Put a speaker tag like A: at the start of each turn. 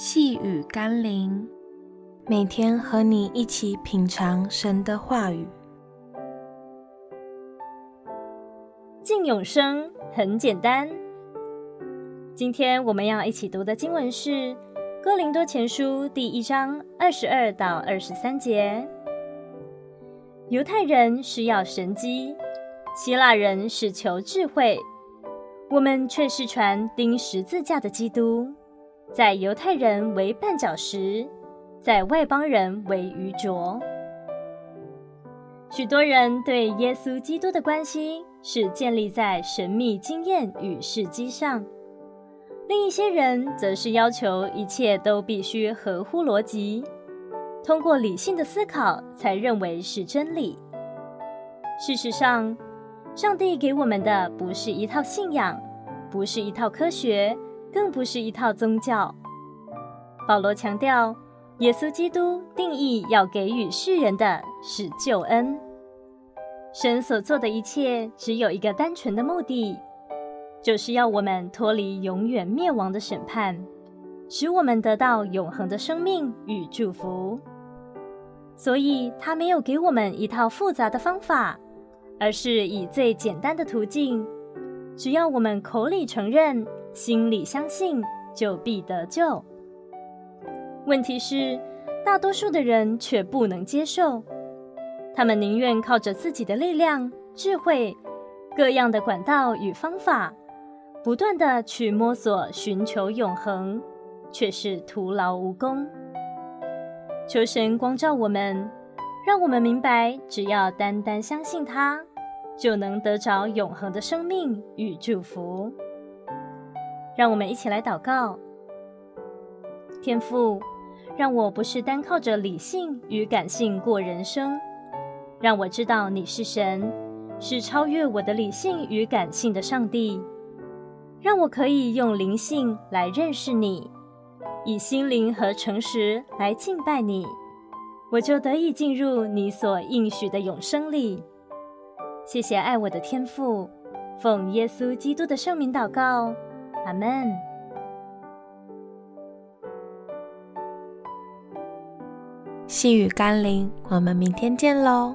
A: 細語甘霖，每天和你一起品嘗神的話語。進永生很簡單。今天我們要一起讀的經文是《哥林多前書》第一章二十二到二十三節。猶太人是要神蹟，希臘人是求智慧，我們卻是傳釘十字架的基督。在猶太人為絆腳石，在外邦人為愚拙。許多人對耶穌基督的關係是建立在神秘經驗與事蹟上，另一些人則是要求一切都必須合乎邏輯，通過理性的思考才認為是真理。事實上，上帝給我們的不是一套信仰，不是一套科學。更不是一套宗教。保羅強調，耶穌基督定意要給予世人的是救恩。神所做的一切只有一個單純的目的，就是要我們脫離永遠滅亡的審判，使我們得到永恆的生命與祝福。所以，他沒有給我們一套複雜的方法，而是以最簡單的途徑，只要我們口裡承認。心裡相信，就必得救。問題是，大多數的人卻不能接受，他們寧願靠着自己的力量、智慧、各樣的管道與方法，不斷地去摸索尋求永恆，卻是徒勞無功。求神光照我們，讓我們明白，只要單單相信他，就能得着永恆的生命與祝福。讓我們一起來禱告。天父，讓我不是單靠着理性與感性過人生，讓我知道你是神，是超越我的理性與感性的上帝。讓我可以用靈性來認識你，以心靈和誠實來敬拜你，我就得以進入你所應許的永生裡。謝謝愛我的天父，奉耶穌基督的聖名禱告。阿門。細語甘霖，我們明天見嘍。